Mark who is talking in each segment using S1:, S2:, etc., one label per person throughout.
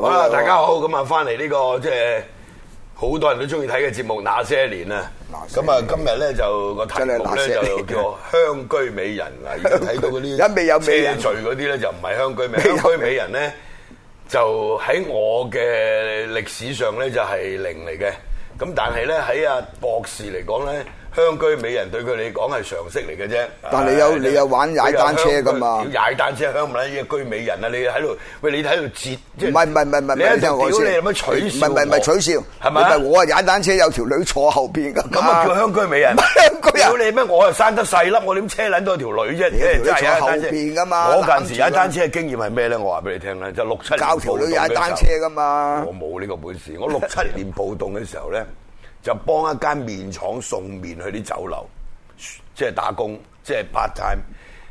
S1: 好啦，大家好，
S2: 咁啊、這個，翻嚟呢個即係好多人都中意睇嘅節目《那些年》啊。咁啊就，今日咧就個題目咧就叫做《香車美人》啊。而家睇到嗰啲咩罪嗰啲咧就唔係香，香車美人。香車美人咧就喺我嘅歷史上咧就係、是、零嚟嘅。咁但係咧喺阿博士嚟講咧。香車美人對佢嚟講係常識嚟嘅啫，但係你有你
S1: 有玩踩單車㗎嘛？
S2: 踩單車香唔甩啲香車美人啊！你喺度喂，你喺度截？唔係唔係唔係唔係，你聽我講先。屌你，咁樣取笑？唔係唔係取笑，係咪？唔係，
S1: 我啊踩單車有條女坐後邊㗎，咁啊叫香車美人？唔
S2: 屌你咩？我又生得細粒，我點車撚到係條女啫，係咪？坐後邊㗎嘛？我近時踩單車嘅經驗係咩咧？我話俾你聽咧，就六七年教條女踩單車㗎嘛。我冇呢個本事，我六七年暴動嘅時候咧。就幫一間麵廠送麵去啲酒樓，即係打工，即係 part time，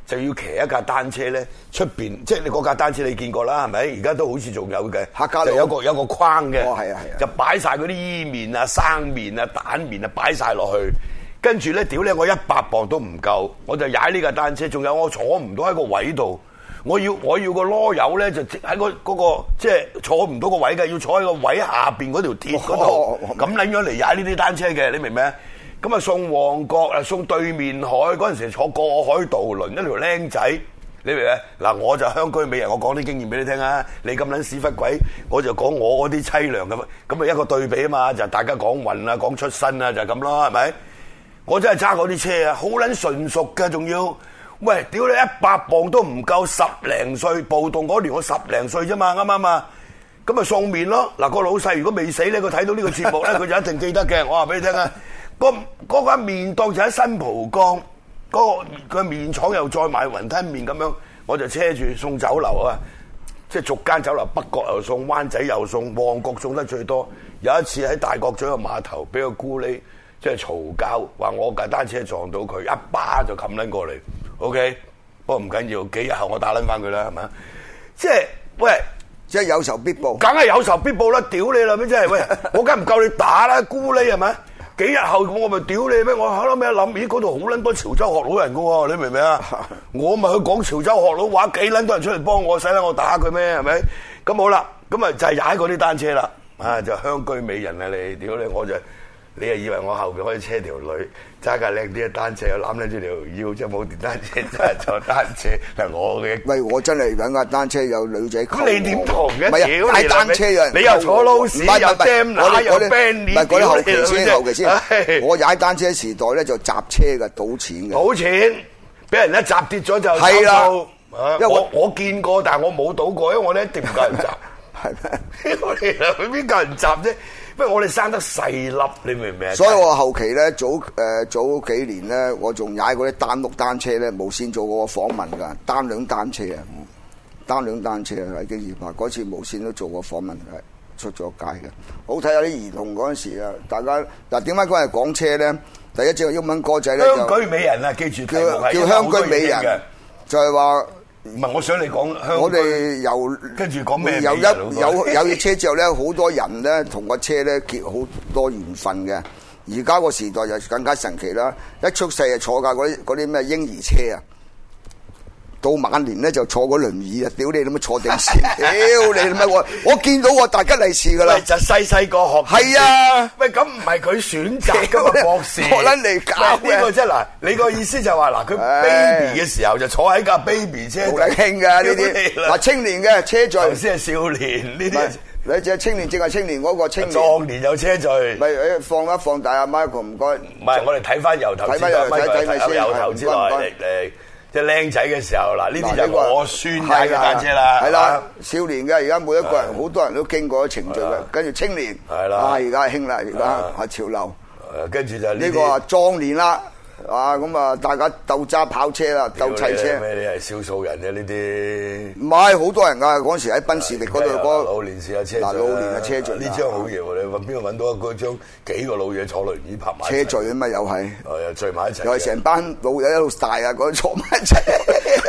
S2: 就要騎一架單車咧出面，即係你嗰架單車你見過啦，係咪？而家都好似仲有嘅，黑膠嚟，有個有個框嘅，哦、就擺晒嗰啲伊麵啊、生麵啊、蛋麵啊擺晒落去，跟住咧屌咧我一百磅都唔夠，我就踩呢架單車，仲有我坐唔到喺個位度。我要我要、個囉柚咧，就喺個嗰個即係坐唔到個位嘅，要坐喺個位下邊嗰條鐵嗰度，咁撚樣嚟踩呢啲單車嘅，你明唔明？咁啊送旺角啊送對面海嗰陣時坐過海渡輪一條僆仔，你明唔明？嗱我就香車美人，我講啲經驗俾你聽啊！你咁撚屎忽鬼，我就講我嗰啲淒涼嘅，咁咪一個對比啊嘛！就係、大家講運啊，講出身啊，就係咁啦，係咪？我真係揸嗰啲車啊，好撚純熟㗎，仲要。喂，屌你一百磅都唔夠，十零歲暴動嗰年我十零歲啫嘛，啱啱啊？咁咪送麵咯。嗱，個老細如果未死咧，佢睇到呢個節目咧，佢就一定記得嘅。我話俾你聽啊，個嗰間麵檔就喺新蒲崗，嗰個佢麵廠又再賣雲吞麵咁樣，我就車住送酒樓啊，即係逐間酒樓，北角又送，灣仔又送，旺角送得最多。有一次喺大角咀個碼頭俾個姑呢，即係嘈交，話我架單車撞到佢，一巴就冚撚過嚟。O、okay, K，不過唔緊要緊，幾日後我打捻翻佢啦，係咪？即係喂，即係有仇必報，梗係有仇必報啦！屌你啦咩？即係喂，我梗唔夠你打啦，孤呢係咪？幾日後我咪屌你咩？我喺諗咩諗？咦，嗰度好捻多潮州學佬人噶喎，你明唔明啊？ 我咪去講潮州學佬話，幾捻多人出嚟幫我，使得我打佢咩？係咪？咁好啦，咁咪就踩嗰啲單車啦，啊，就香車美人啊你，屌你，我就。你又以為我後面開車條女揸架靚啲嘅單車，又攬拎住條腰，即係冇電單車，真係坐單車。
S1: 嗱，我嘅喂，我真係揾架單車有女仔。咁你點同嘅？唔係踩單車有人，你又坐老鼠，又係唔係唔係。嗰個後期先後期先。我踩單車時代咧就集車嘅，賭錢嘅。賭錢，俾人一集跌咗就係啦。
S2: 因為我我見過，但係我冇賭過，因為我咧一定唔夾人集。係咩？我哋去邊夾人集啫。不，我哋生得細粒，你明唔明？所以我
S1: 後期咧，早誒、呃、早幾年咧，我仲踩嗰啲單碌單車咧，無線做過訪問㗎，單輛單車啊，單輛單車啊，喺京二嗰次無線都做過訪問，係出咗街嘅。好睇下啲兒童嗰陣時啊，大家嗱點解講係講車咧？第一隻英文歌仔咧，叫《香車美人》啊就，記住叫。叫叫《香車美人》就係
S2: 話。唔係，我想你講，我哋由跟住講，咩？有一有有咗車
S1: 之後咧，好多人咧同個車咧結好多緣分嘅。而家個時代就更加神奇啦！一出世就坐架嗰啲嗰啲咩嬰兒車啊！到晚年咧就坐個輪椅啊！屌你，咁樣坐定時，屌你，咁樣我我見到我大吉利是噶啦。就細細個學係啊，喂，咁唔係佢選擇嗰個博士，我諗你假嘅呢個即嗱，
S2: 你個意思就話嗱，佢 baby 嘅時候就坐喺架
S1: baby 車，好輕嘅呢啲。嗱，青年嘅車序，頭先係少年呢啲，你即青年正係青年嗰個青年，壯年有車序。咪放一放，大阿媽，唔該。
S2: 唔係，我哋睇翻由頭之內，由頭之內
S1: 誒。即
S2: 係僆仔嘅時候，嗱，呢啲就係我孫仔嘅單車啦，係啦，
S1: 少年嘅，而家每一個人好多人都經過咗程序嘅，跟住青年係啦，而家興啦，而家係潮流，跟住就呢個壯年啦。啊咁啊！大家鬥揸跑車啦，鬥砌車。咩
S2: 你係少數人啫？呢啲唔係好多人㗎。嗰時喺賓士力嗰度嗰。老年車車。嗱，老年嘅車聚。呢張好嘢喎！你揾邊度揾到嗰張幾個老嘢坐輪椅拍埋？車聚啊
S1: 嘛，又係。係啊，聚埋一齊。又係成班老友一路大啊！嗰啲坐埋車，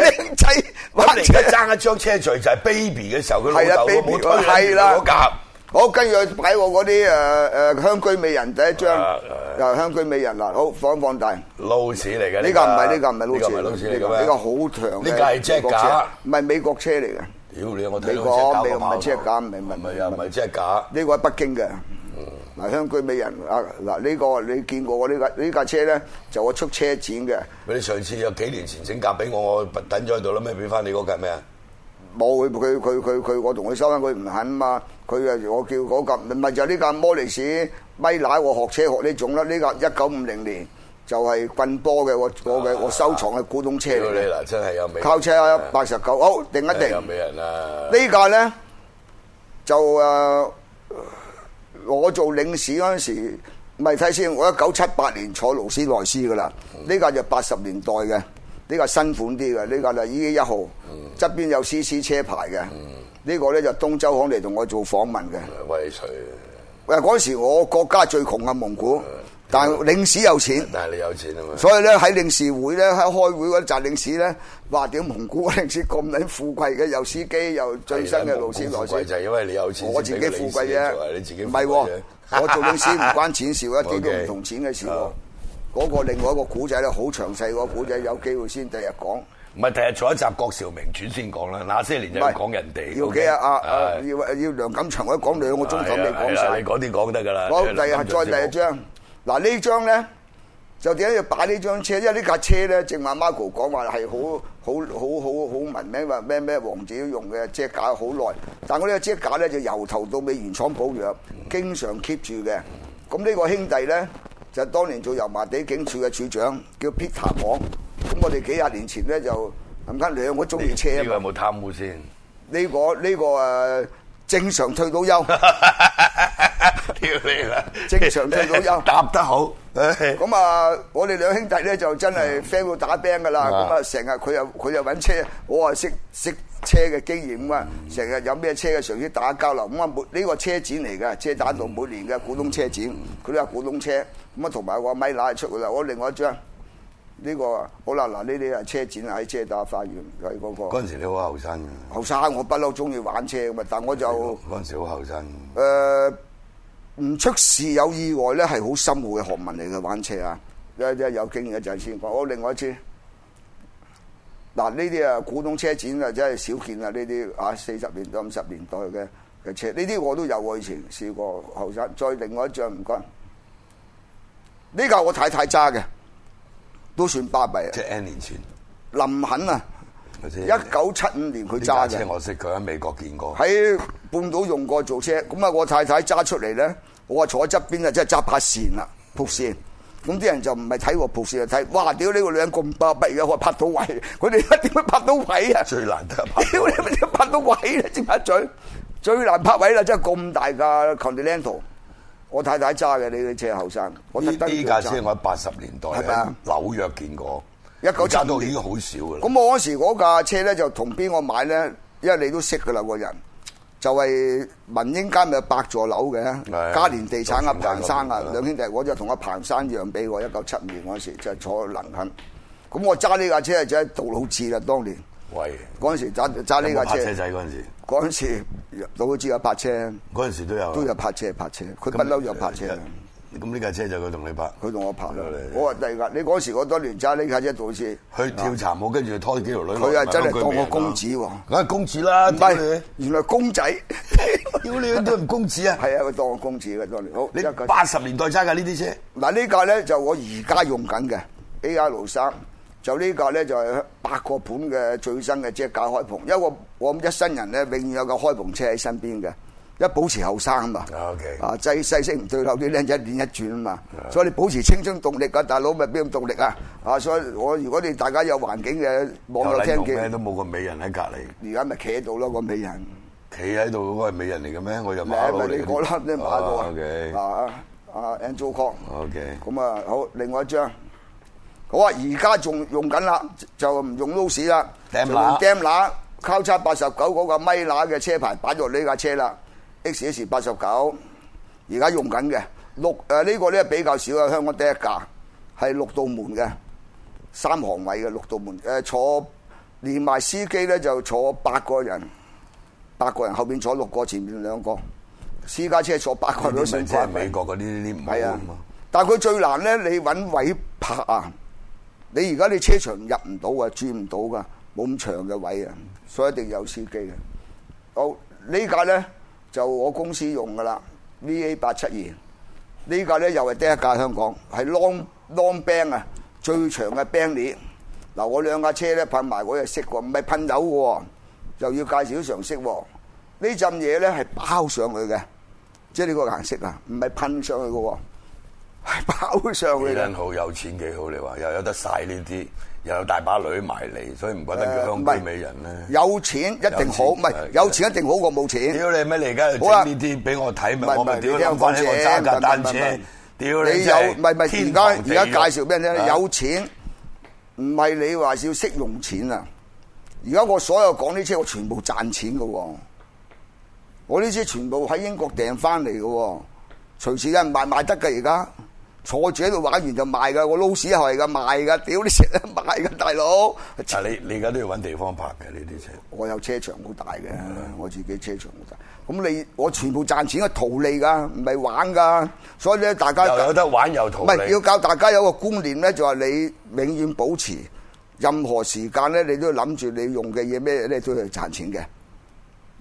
S1: 靚仔
S2: 玩車爭一張車
S1: 聚就係 baby 嘅
S2: 時候，佢老豆係啦，嗰
S1: 好，跟住去睇我嗰啲誒誒香車美人第一張，就香車美人啦。好，放放大。
S2: 勞斯嚟
S1: 嘅，呢個唔係，呢個唔係勞斯，呢個好長。呢個係真係假？唔係美國車嚟嘅。屌你！我睇到車架唔係唔係又唔係真係假？呢個係北京嘅。嗯。嗱，香車美人啊，嗱呢個你見過我呢架呢架車咧，就我出車展嘅。
S2: 你上次有幾年前整架俾我，我等咗喺度啦，咩俾翻你嗰架咩啊？
S1: 冇，佢佢佢佢我同佢收翻，佢唔肯嘛。佢啊！我叫嗰架唔咪就呢架摩利斯米奶我學車學呢種啦，呢架一九五零年就係棍波嘅我我嘅我收藏嘅古董車。嗱真係有美人。靠車啊，八十九，好定一定。有
S2: 美人啦。呢
S1: 架咧就誒，我做領事嗰陣時，咪睇先。我一九七八年坐勞斯萊斯噶啦，呢架就八十年代嘅，呢架新款啲嘅，呢架就 E 一號，側邊有 C C 車牌嘅。呢個咧就東周刊嚟同我做訪問嘅，喂，水。嗱嗰時我國家最窮嘅蒙古，嗯、但領事有錢。但係你有錢啊嘛。所以咧喺領事會咧喺開會嗰陣，領事咧話點蒙古領事咁撚富貴嘅？又司機又最新嘅路線來。富貴就因為你有錢。我自己富貴啫，你自己唔係、啊。我做領事唔關錢事， 一啲都唔同錢嘅事。嗰 Okay. 個另外一個古仔咧好詳細個，個古仔有機會先第日講。
S2: 唔係，第日坐一集郭兆明轉先講啦。那些年就唔係講人哋是 Okay?。要嘅阿阿阿
S1: 要要梁錦祥，我一講兩個鐘頭你講曬。你講啲
S2: 講得㗎啦。好，第日再第一
S1: 張。嗱呢張咧就點解要擺呢張車？因為呢架車咧正話 Marco 講話係好好好好好聞名，話咩咩王子用嘅即係架好耐。但係我呢個遮架咧就由頭到尾原廠保養，經常 keep 住嘅。咁呢個兄弟咧就當年做油麻地警署嘅署，署長，叫 Peter 講。咁我哋幾廿年前咧就揞緊兩個鍾意車，呢
S2: 個有冇貪污先？
S1: 呢、這個呢、這個誒，正常退到休，
S2: 屌你啦！
S1: 正常退到休，搭得好。咁 啊，我哋兩兄弟咧就真係 friend 到打冰噶啦。咁啊、嗯，成日佢又佢又揾車，我啊識識車嘅經驗咁啊，成日有咩車嘅常識打交流。咁啊，每呢、這個車展嚟噶，車打到每年嘅古董車展，佢、嗯、都有古董車。咁啊，同埋我米乸出噶啦，我另外一張。呢、這個啊，好啦，嗱，呢啲啊車展喺車打花園喺嗰個。嗰陣時你好後生㗎。後生，我不嬲中意玩車咁啊，但我就嗰陣時好後生。誒、呃，唔出事有意外咧，係好深奧嘅學問嚟嘅玩車啊！一、一有經驗就係先講。我另外一張，嗱，呢啲啊古董車展啊，真係少見啊！呢啲啊四十年代、五十年代嘅嘅車，呢啲我都有啊。以前試過後生，再另外一張唔該，呢、這個我太太揸嘅。都算巴閉啊，即係 N 年前，林肯啊，一九七五年佢揸嘅，車我識佢喺美國見過，喺半島用過做車，咁啊我太太揸出嚟咧，我話坐喺側邊啊，即係揸把線啊，鋪線，咁啲人就唔係睇我鋪線，睇，哇屌呢個女人咁巴閉嘅，我話拍到位，佢哋一點解拍到位啊？最難得，屌你乜嘢拍到位啊？黐孖嘴，最難拍位啦，真係咁大架 Continental。我太太揸嘅呢啲車後生，我記得呢架車我喺八
S2: 十年代喺吧紐約見過，揸到年已經好少噶啦。咁
S1: 我嗰時嗰架車咧就同邊個買咧，因為你都識噶啦個人，就係、是、民英街咪有八座樓嘅嘉聯地產阿彭生啊兩兄弟，啊、我就同阿彭生讓俾我一九七五年嗰時就坐去林肯，咁我揸呢架車就喺杜老智啦，當年。喂，嗰陣時揸揸呢架車，車仔嗰陣時，嗰陣時老會只有泊車，嗰陣時都有，都有泊車泊車，佢不嬲有泊車。咁呢架車就佢同你泊，佢同我泊啦。我話第二架，你嗰時嗰多年揸呢架車做嘢，去
S2: 調查冇跟住拖幾條
S1: 女，佢係真係當我公子喎，梗係公子啦。唔係，原來公仔，屌你都唔公子啊！係啊，佢當我公子嘅多年。好，呢八十年代揸嘅呢啲車，嗱呢架咧就我而家用緊嘅 A I 三。就呢個咧，就係八個盤嘅最新嘅即係架開篷。因為我我咁一生人咧，永遠有個開篷車喺身邊嘅，一保持後生啊嘛。啊，細細聲唔對口啲靚仔亂一轉啊嘛。所以你保持青春動力嘅大佬，咪邊種動力啊？啊，所以我如果你大家有環境嘅網絡聽見都
S2: 冇個美人喺隔籬。
S1: 而家咪企喺度咯，個美人。
S2: 企喺度嗰個係美人嚟嘅咩？我又馬過嚟。啊，唔係你講啦，啲馬過啊。
S1: 啊啊，Angel Kong。OK。咁啊，好，另外一張。我話而家仲用緊啦，就唔用 Lose 啦，摸用 Dem 拿交叉八十九嗰個米拿嘅車牌擺咗呢架車啦，XS 八十九，而家用緊嘅六誒呢、呃這個咧比較少嘅，香港第一架，係六道門嘅三行位嘅六道門誒、呃、坐連埋司機咧就坐八個人，八個人後面坐六個，前面兩個私家車坐八個人都算。即係美國嗰啲啲唔係啊，的但係佢最難咧，你揾位泊啊！你而家你車場入唔到啊，轉唔到噶，冇咁長嘅位啊，所以一定要有司機嘅。好呢架咧就我公司用噶啦，VA 八七二呢架咧又係第一架香港係 long long bang 啊，最長嘅 bang 嘞嗱我兩架車咧噴埋嗰隻色喎，唔係噴油嘅喎，又要介紹常識喎。呢陣嘢咧係包上去嘅，即係呢個顏色啊，唔係噴上去嘅喎。包上去，幾
S2: 好有錢幾好你話又有得晒呢啲，又有大把女埋嚟，所以唔覺得佢香車美人咧？
S1: 有錢一定好，唔係有錢一定好過冇錢。屌你咩？你而家又整呢啲俾我睇，咪我咪屌你！聽我講揸架單車。屌你有，係天！而家而家介紹俾人聽，有錢唔係你話要識用錢啊！而家我所有講呢車，我全部賺錢噶。我呢車全部喺英國訂翻嚟噶，隨時有人買賣得噶而家。坐住喺度玩完就賣噶，我撈屎係噶，賣噶，屌你食得賣噶，大佬！你你而家都要揾地方拍嘅呢啲車。我有車場好大嘅，嗯、我自己車場好大。咁你我全部賺錢，我圖利噶，唔係玩噶。所以咧，大家有得玩又圖。唔係要教大家有個觀念咧，就話係你永遠保持任何時間咧，你都要諗住你用嘅嘢咩嘢都要賺錢嘅。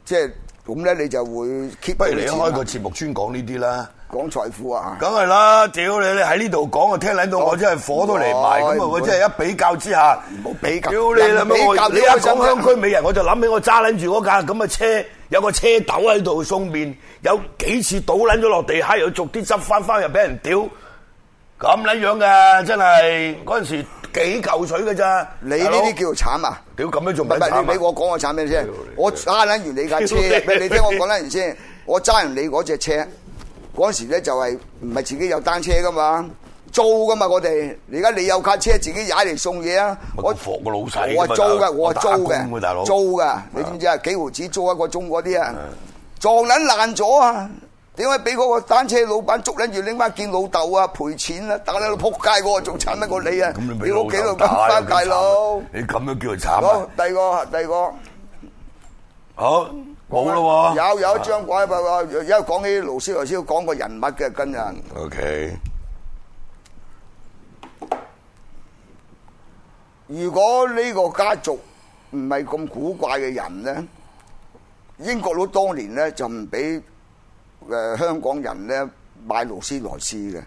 S1: 即係咁咧，你就會 keep。不如你開個節目專講呢啲啦。講財富啊！梗係啦，
S2: 屌你！你喺呢度講我聽捻到我真係火都嚟埋咁啊！我真係一比較之下，唔好比較。屌你啦！乜我而家講香車美人，我就諗起我揸捻住嗰架咁嘅車，有個車斗喺度送麵，有幾次倒捻咗落地下，又逐啲執翻翻入俾人屌。咁捻樣嘅，
S1: 真係嗰陣時幾嚿水嘅咋？你呢啲叫慘啊！屌咁樣仲比慘？你俾我講個慘咩先？我揸捻完你架車俾你聽，我講捻完先。我揸完你嗰隻車。嗰時咧，就係唔係自己有單車噶嘛，租噶嘛我哋。而家你有架車自己踩嚟送嘢啊！我係個老細，我係租噶，我係租嘅，租噶。你知唔知啊？幾毫子租一個鐘嗰啲啊？撞撚爛咗啊！點解俾嗰個單車老闆捉撚住拎翻見老豆啊？賠錢啊，打喺度撲街，我仲慘得過你啊！你屋企度撲翻大佬，
S2: 你咁樣叫佢慘啊！
S1: 第二個，第二個。
S2: 好，冇咯喎！有有一張
S1: 鬼拍喎，一講起勞斯萊斯，講個人物嘅跟人。O K，如果呢個家族唔係咁古怪嘅人咧，英國佬當年咧就唔俾誒香港人咧買勞斯萊斯嘅。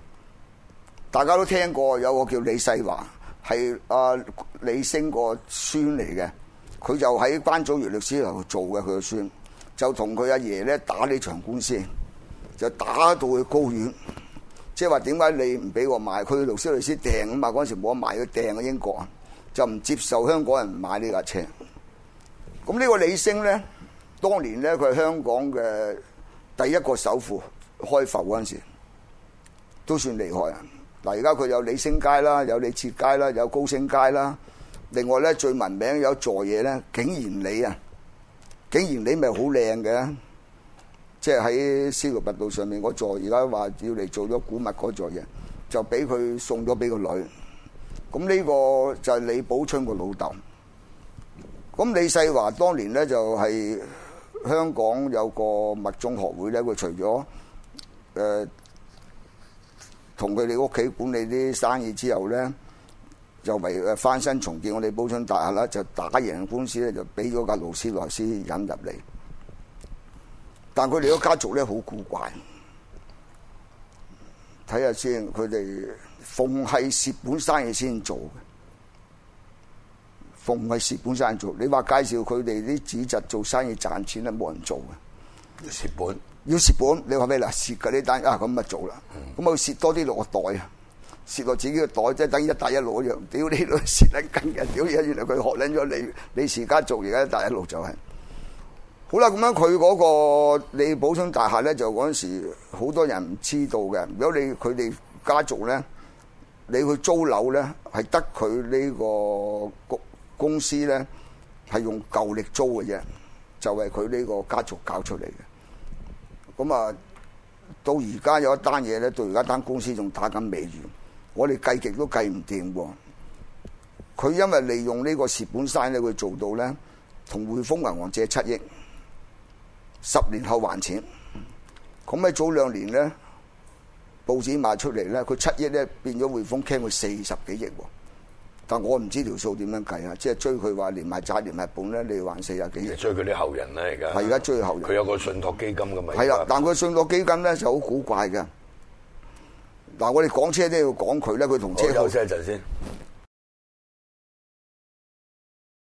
S1: 大家都聽過有個叫李世華，係阿李升個孫嚟嘅。佢就喺關祖堯律師度做嘅，佢個孫就同佢阿爺咧打呢場官司，就打到去高院。即係話，點解你唔俾我買？佢律師律師訂咁啊，嗰陣時冇得買，佢訂嘅英國啊，就唔接受香港人買呢架車。咁呢個李陞咧，當年咧佢係香港嘅第一個首富，開埠嗰陣時都算厲害啊。嗱，而家佢有李陞街啦，有李節街啦，有高陞街啦。另外咧，最聞名有座嘢咧，景賢里啊，景賢里咪好靚嘅，即係喺司徒拔道上面嗰座，而家話要嚟做咗古物嗰座嘢，就俾佢送咗俾個女。咁呢個就係李寶春個老豆。咁李世華當年咧就係香港有個物種學會咧，佢除咗誒同佢哋屋企管理啲生意之後咧。就為翻身重建我哋寶春大廈啦，就打贏官司咧，就俾咗架勞斯萊斯引入嚟。但佢哋個家族咧好古怪，睇下先。佢哋凡係蝕本生意先做嘅，凡係蝕本生意做。你話介紹佢哋啲子侄做生意賺錢咧，冇人做嘅。要蝕本，要蝕本，你話咩啦？蝕嗰啲單啊，咁咪做啦。咁啊，蝕多啲落袋啊！蝕過自己嘅袋，即係等於一帶一路一樣。屌你老！蝕得更嘅，屌嘢！原來佢學捻咗李李氏家族而家一帶一路就係。好啦，咁樣佢嗰個李寶春大廈咧，就嗰陣時好多人唔知道嘅。如果你佢哋家族咧，你去租樓咧，係得佢呢個公公司咧，係用舊力租嘅啫，就係佢呢個家族搞出嚟嘅。咁啊，到而家有一單嘢咧，到而家單公司仲打緊尾住。我哋計極都計唔掂喎！佢因為利用呢個蝕本生意咧，佢做到咧同匯豐銀行借七億，十年後還錢。咁喺早兩年咧，報紙賣出嚟咧，佢七億咧變咗匯豐 claim 佢四十幾億喎。但係我唔知條數點樣計啊！即係追佢話連埋債連埋本咧，你要還四十幾億。追
S2: 佢啲後人啦，而家係而家追後人。佢有個信託基金嘅問題？係啦，
S1: 但係佢信託基金咧就好古怪㗎。嗱，我哋講車都要講佢咧，佢同車一
S2: 陣先。